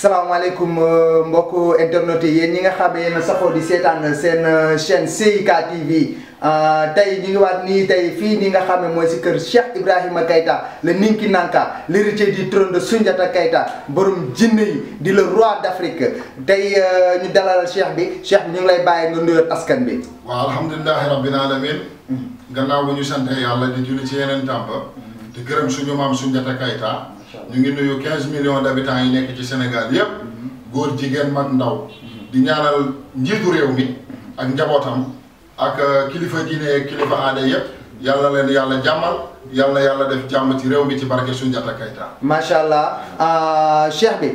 salaamaaleykum euh, mbokk internet yi ñi nga xam ne yéen a saxoo di seetaan seen euh, chaîne CIK TV euh, tey ñu ngi waat nii tey fii nii nga xam ne mooy si kër Cheikh Ibrahima Keita le Ninki Nanka l'héritier du trône de Soundiata Keita borom jinne yi di la roi d'Afrique tey ñu dalal Cheikh bi Cheikh bi ñu ngi lay bàyyi nga nuyoo askan bi. waaw alhamdulilah rabbil alamin mm-hmm. gannaaw bu ñu sant yàlla di julli ci yeneen tàmba di gërëm suñu maam Soundiata Keita. ñu ngi nuyu 15 millions d' habitants yi nekk ci Sénégal yépp mm-hmm. góor jigéen mag ndaw mm-hmm. di ñaanal njiitu réew mi ak njabootam ak euh, kilifa diine kilifa aada yépp yàlla leen yàlla jàmmal yàlla yàlla def jàmm ci réew mi ci barke Soundiata Keita. macha allah ah, cheikh bi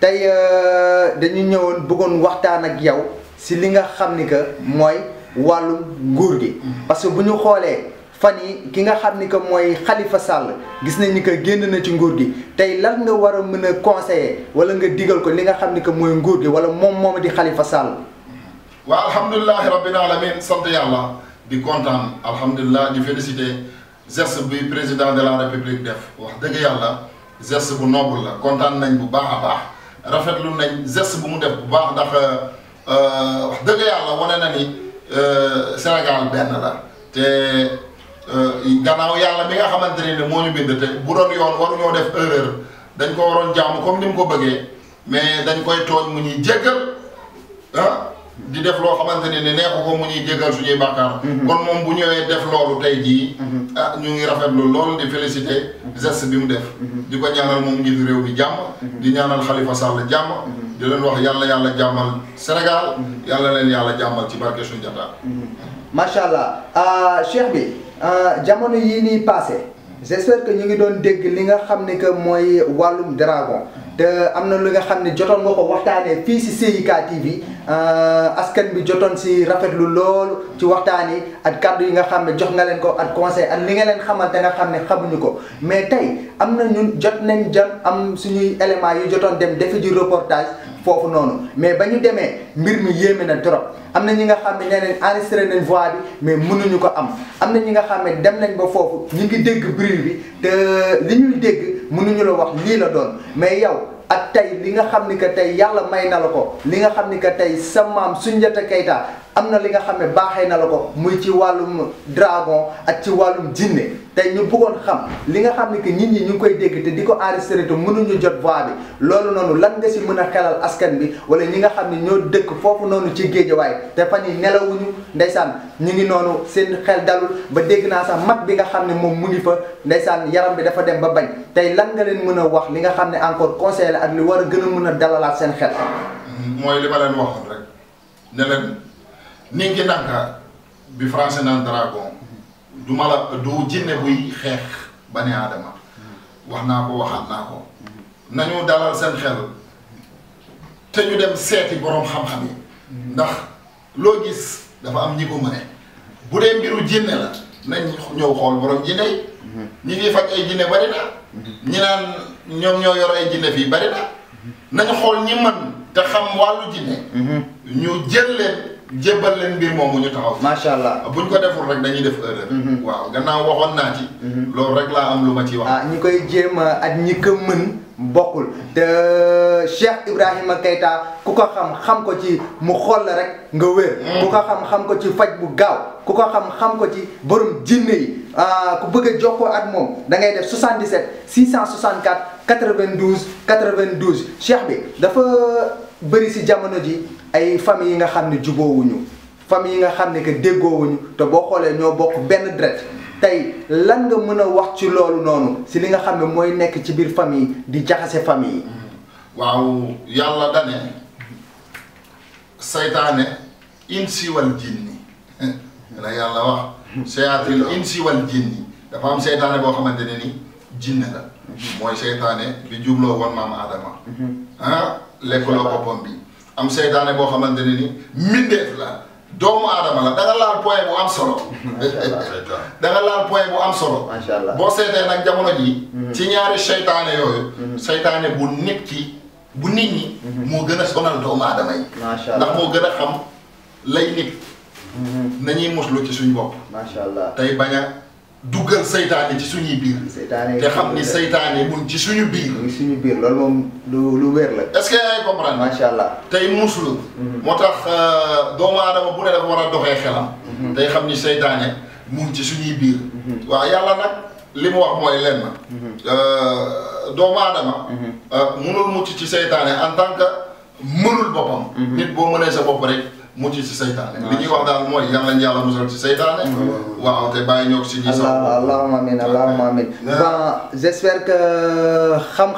tey euh, dañu ñëwoon bëggoon waxtaan ak yow si li nga xam ni que mooy wàllum nguur gi mm-hmm. parce que bu ñu xoolee. fan yi ki nga xam ni que mooy xalifa Sall gis nañ ni que génn na ci nguur gi tey lan nga war a mën a conseiller wala nga digal ko li nga xam ni que mooy nguur gi wala moom mooma di xalifa Sall. waaw alhamdulilah rabbil alamin sant yàlla di kontaan alhamdulilah di féliciter geste bi président de la république def wax dëgg yàlla geste bu noble la kontaan nañ bu baax a baax rafetlu nañ geste bu mu def bu baax ndax euh, euh, wax dëgg yàlla wane na ni euh, Sénégal benn la Euh, gannaaw yàlla mi nga xamante ne moo ñu bind te bu doon yoon waruñoo def erreur dañ ko waroon jaamu comme ni mu ko bëggee mais dañ koy tooñ mu ñuy jéggal ah di def loo xamante ni neexu ko mu ñuy jéggal suñuy bàkkaar. Mm-hmm. kon moom bu ñëwee def loolu tey jii. Mm-hmm. ah ñu ngi rafet rafetlu loolu di félicité mm-hmm. geste bi mu def. di ko ñaanal moom njiitu réew bi jàmm. di ñaanal Khalifa Sall jàmm. di leen wax yàlla yàlla jàmmal Sénégal. yàlla leen yàlla jàmmal ci barke suñu jotaay. macha allah ah, cheikh Euh, jamono yii nii passé j'espère que ñu ngi doon dégg li nga xam ne que mooy wàllum dragon te am na lu nga xam ne jotoon nga ko waxtaanee fii si CIK TV euh, askan bi jotoon si rafetlu loolu ci waxtaan yi ak kàddu yi nga xam ne jox nga leen ko ak conseil ak li nga leen xamal te nga xam ne xamuñu ko mais tey am na ñun jot nañ jot am suñuy éléments yu jotoon dem defi ji reportage foofu noonu mais ba ñu demee mbir mi yéeme na trop am na ñi nga xam ne nee nañ enregistré nañ voix bi mais mënuñu ko am am na ñi nga xam ne dem nañ ba foofu ñu ngi dégg bruit bi li ñuy dégg. mënuñu la wax lii la doon mais yow ak tey li nga xam ni que tey yàlla may na la ko li nga xam ni que tey sa maam Soundiata Keita am na li nga xam ne baaxee na la ko muy ci wàllum dragon ak ci wàllum jinne tey ñu buggoon xam li nga xam ne que nit ñi ñu ngi koy dégg te di ko enregistré te mënuñu jot bois bi loolu noonu lan nga si mën a xelal askan bi wala ñi nga xam ne ñoo dëkk foofu noonu ci géejawaay te fan yi nelawuñu ndeysaan ñu ngi noonu seen xel dalul ba dégg naa sax mag bi nga xam ne moom mu ngi fa ndeysaan yaram bi dafa dem ba bañ tey lan nga leen mën a wax li nga xam ne encore conseil ak li war a gën a mën a dalalaat seen xel mooy li ma ninki ndànka bi français naan dragon du mala du jinne buy xeex ba ne aadama wax naa ko waxaat naa ko nañu dalal seen xel te ñu dem seeti boroom xam-xam yi ndax loo gis dafa am ñi ko mëne bu dee mbiru jinne la nañ ñëw xool boroom jinne yi ñi fi faj ay jinne bari na ñi naan ñoom ñoo yor ay jinne fii bari na nañ xool ñi mën te xam wàllu jinne mhm. ñu jël leen jébbal leen mbir moomu ñu taxaw. macha allah bu ñu ko deful rek dañuy def erreur. Mhm. waaw gannaaw waxoon naa ci. Mhm. loolu rek laa am lu ma ciy wax. ah ñi koy jéem ak ñi ko mën bokkul te Cheikh Ibrahima Keita ku ko xam xam ko ci mu xool la rek nga wér. Mm. ku ko xam xam ko ci faj bu gaaw ku ko xam xam ko ci borom jinne yi ah, ku bëgg a jokkoo at moom da ngay def 77 664 92 92 Cheikh bi dafa. bëri si jamono ji ay famille yi nga xam ne juboowuñu famille yi nga xam ne que déggoowuñu te boo xoolee ñoo bokk benn deret tey lan nga mën a wax ci loolu noonu si li nga xam ne mooy nekk ci biir famille di jaxase famille yi. waaw yàlla dane saytaane insi wal jinni yàlla wax sayaatil insi wal jinni xamante ne ni jinne la mooy saytaane bi jubloo woon maam Adama mhm. ah lekkuloo boppam bi am seytaane boo xamante ne ni mbindeef la doomu aadama la da nga laal bu am solo. da nga laal bu am solo. macha allah boo seetee nag jamono ji ci ñaari seytaane bu nit bu nit ñi. moo gën a sonal doomu aadama yi. macha allah lay nit. nañuy muslu ci suñu bopp. macha allah duggal seytaane ci suñuy biir. saytaane te xam ni saytaane mun ci suñu biir. mu suñu biir loolu moom lu lu weer la. est-ce que yaay comprendre. macha allah tey muslu. Mhm. moo tax euh, doomu adama bu ne dafa war a doxee xelam. Mhm. tey xam ni seytaane mun ci suñuy biir. Mhm. waaw yàlla nag li mu wax mooy lenn. Euh, doomu aadama. mënul euh, mucc ci seytaane en tant que mënul boppam. nit boo mënee sa bopp rek. mucc ci seytaane li ñuy wax daal mooy yàlla ñu yàlla musal ci seytaane waaw te bàyyi ñoo ko si ñi sax amin allahumma amin bon j'espère que euh, xam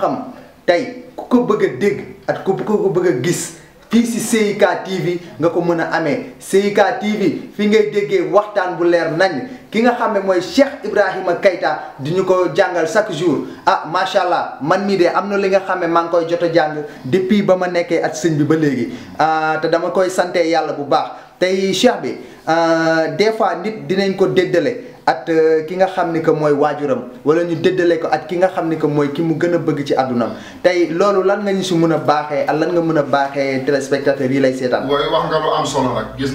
ku ko bëgg a dégg ak ku ko gis fii si CIK TV nga ko mën a amee CIK TV fi ngay dégge waxtaan bu leer nañ ki nga xam ne mooy Cheikh Ibrahima kayta di ñu ko jàngal chaque jour ah macha allah man mii de am na li nga xam ne maa ngi koy jot a jàng depuis ba ma nekkee ak sëñ bi ba léegi ah, te dama koy sante yàlla bu baax tey Cheikh bi ah, des fois nit dinañ ko déddale at euh, ki nga xam ni que mooy waajuram wala ñu déddale ko at ki nga xam ni que mooy ki mu gën a bëgg ci àddunam tey loolu lan nga ñu si mën a baaxee ak lan nga mën a baaxee téléspectateurs yi lay seetaan. waaye wax nga lu am solo nag gis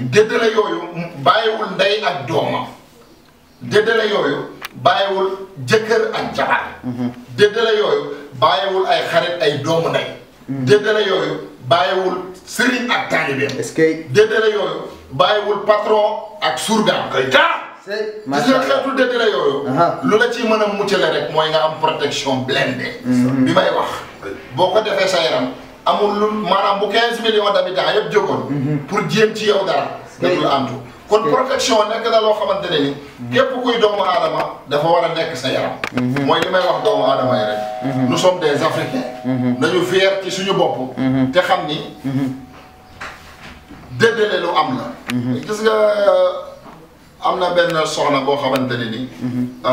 déddale yooyu bàyyiwul ndey ak doomam déddale yooyu bàyyiwul jëkkër ak jabar mhm. déddale yooyu bàyyiwul ay xarit ay doomu ndey mhm. déddale yooyu bàyyiwul sëriñ ak taalibe est-ce que déddale bàyyiwul patron ak surgaam koy taa macha allah xeetu déedéet yooyu. la ci mën a muccale rek mooy nga am protection blindée. Mhm. bi may wax boo ko defee sa yaram. amul lu maanaam bu 15 millions d'habitants yëpp jógoon. Mhm. pour jéem ci yow dara. daful antu kon protection nekk na loo xamante ne mhm. képp kuy doomu aadama dafa war a nekk sa yaram. Mhm. mooy li may wax doomu aadama yi rek. nous sommes des africains. nañu fier ci suñu bopp. te xam ni. déedéet lu am na gis nga. Euh, am na benn soxna boo xamante ne ni. Mhm. Euh,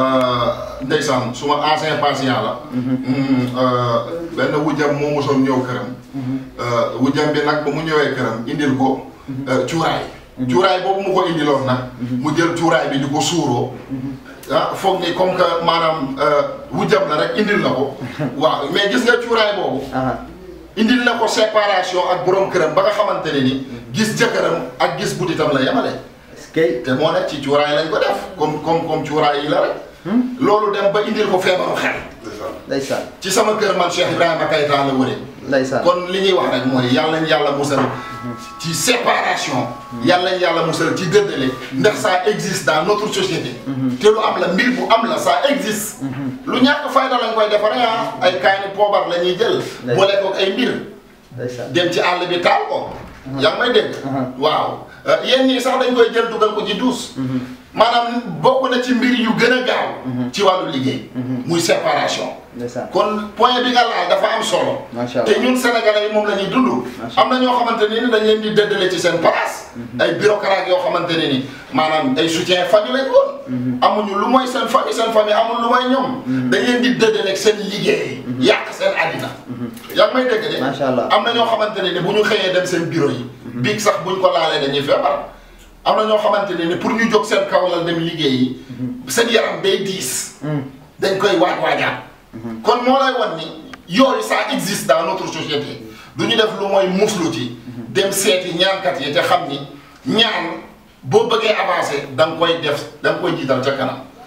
ndeysaan suma ancien patient la. Mhm. Mm, euh, benn wujjam moo mosoon ñëw këram. Mhm. Euh, wujjam bi nag ba mu ñëwee këram indil ko. cuuraay. cuuraay boobu mu ko indiloon nag. mu jël cuuraay bi di ko suuroo. ah foog ni comme que maanaam wujjam la rek indil na ko. waaw mais gis nga cuuraay boobu. Ah. indil na ko séparation ak borom këram ba nga xamante ne ni. gis jëkkëram ak gis butitam la yemale. kay te moo ne ci cuuraay lañ ko def comme comme cuuraay yi la rek. Hmm? loolu dem ba indil ko feebaru xel. ndeysaan ci sama kër man Cheikh Ibrahima Keita la wëree. kon li ñuy wax rek mooy yàlla nañu yàlla musal ci séparation. Hmm. yàlla nañu yàlla musal ci dëddale. Hmm. ndax ça existe dans notre société. te lu am la mbir bu am la ça existe. lu ñàkk fayda lañ koy defaree ah. ay kaani poobar la ñuy jël. boole ko ay mbir. dem ci àll bi taal ko. yaa ngi may dégg. waaw. Euh, yenn yi sax dañ koy jël dugal ko ci duus. Mhm. maanaam bokk na ci mbir yu gën a gaaw. Mhm. ci wàllu liggéey. Mhm. muy séparation. kon point bi nga laal dafa am solo. te ñun sénégalais yi moom la ñuy dund. am na ñoo xamante ne ni dañ leen di dëddale ci seen place. ay bureaucrates yoo xamante ne ni maanaam ay soutien famille lañ woon. amuñu lu mooy seen famille seen famille lu mooy ñoom. dañ leen di dëddale seen liggéey. yàq seen àddina. yaa ngi may dégg de. macha allah am na ñoo xamante ne ni bu ñu xëyee dem seen bureau yi. biig sax buñ ko laalee dañuy feebar am na ñoo xamante ne pour ñu jóg seen kaw la dem liggéey yi mm-hmm. seen yaram day diis mm-hmm. dañ koy waaj waajaat mm-hmm. kon moo lay wan ni yooyu ça existe dans notre société du ñu def lu mooy muslu ci dem seeti ñaankat yi te xam ni ñaan boo bëggee avancé da nga koy def da nga koy jiital ca kanam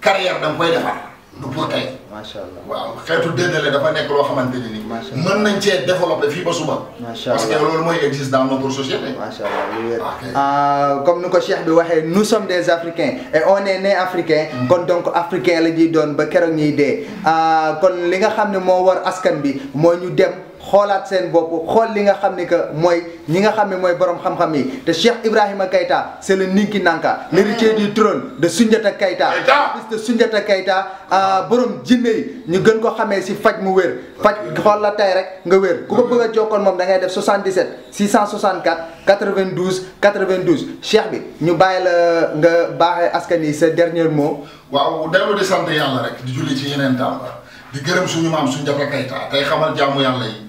carrière dang koy defar du pour tay waaw xeetu dédélé dafa nekk loo xamante ni mën nañ cee développé fii ba suba parce que loolu mooy existe dans notre société okay. uh, comme ni ko cheikh bi waxee nous sommes des africains et eh, on oh, est né africain mm -hmm. kon donc africain la ñuy doon ba keroog ñuy dee uh, ah, kon li nga xam ne moo war askan bi mooy ñu dem xolaat sen bop xol li nga xamni ke moy ñi nga xamni moy borom xam xam yi te cheikh ibrahima kayta c'est le ninki nanka l'héritier du trône de sunjata kayta de sunjata kayta euh, borom jinne yi ñu gën ko xamé ci faj mu wër faj xol la tay rek nga wër ku ko bëgg jokon mom da ngay def 77 664 92 92 cheikh bi ñu bayal nga baxé askani ce dernier mot waaw delu di sante yalla rek di julli ci yenen di gërëm suñu maam suñu jafa kayta tay xamal jaamu yalla yi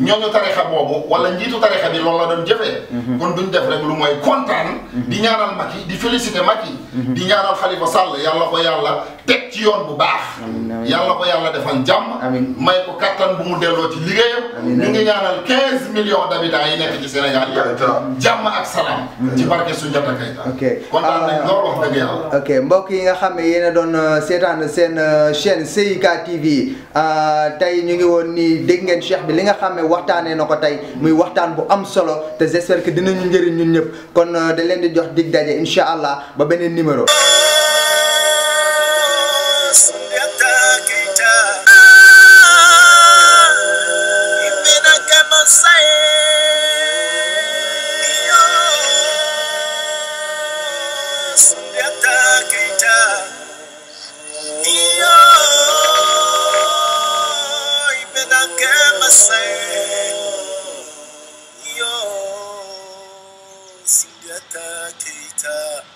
ñooñu tarixa boobu wala njiitu tarixa bi loolu la doon jëfee. Mhm. kon duñ def rek lu mooy kontaan. Mhm. di ñaanal Macky di féliciter Macky. Mhm. di ñaanal Khalifa Sall yàlla ko yàlla teg ci yoon bu baax. yàlla ko yàlla defal jàmm. amiin may ko kattan bu mu delloo ci liggéeyam. amiin ñu ngi ñaanal 15 millions d'habitants yi nekk ci Sénégal yi. jàmm ak salaam. ci barke Soundiata Keita. ok kontaan nañ ah. lool ok mbokk yi nga xam ne yéen doon euh, seetaan seen euh, chaîne CIK TV euh, tey ñu ngi woon nii dégg ngeen cheikh bi li nga xam ne waxtaanee na ko tey muy waxtaan bu am solo te j'espère que dinañu njëriñ ñun ñëpp kon da leen di jox dig daje incha allah ba beneen numéro.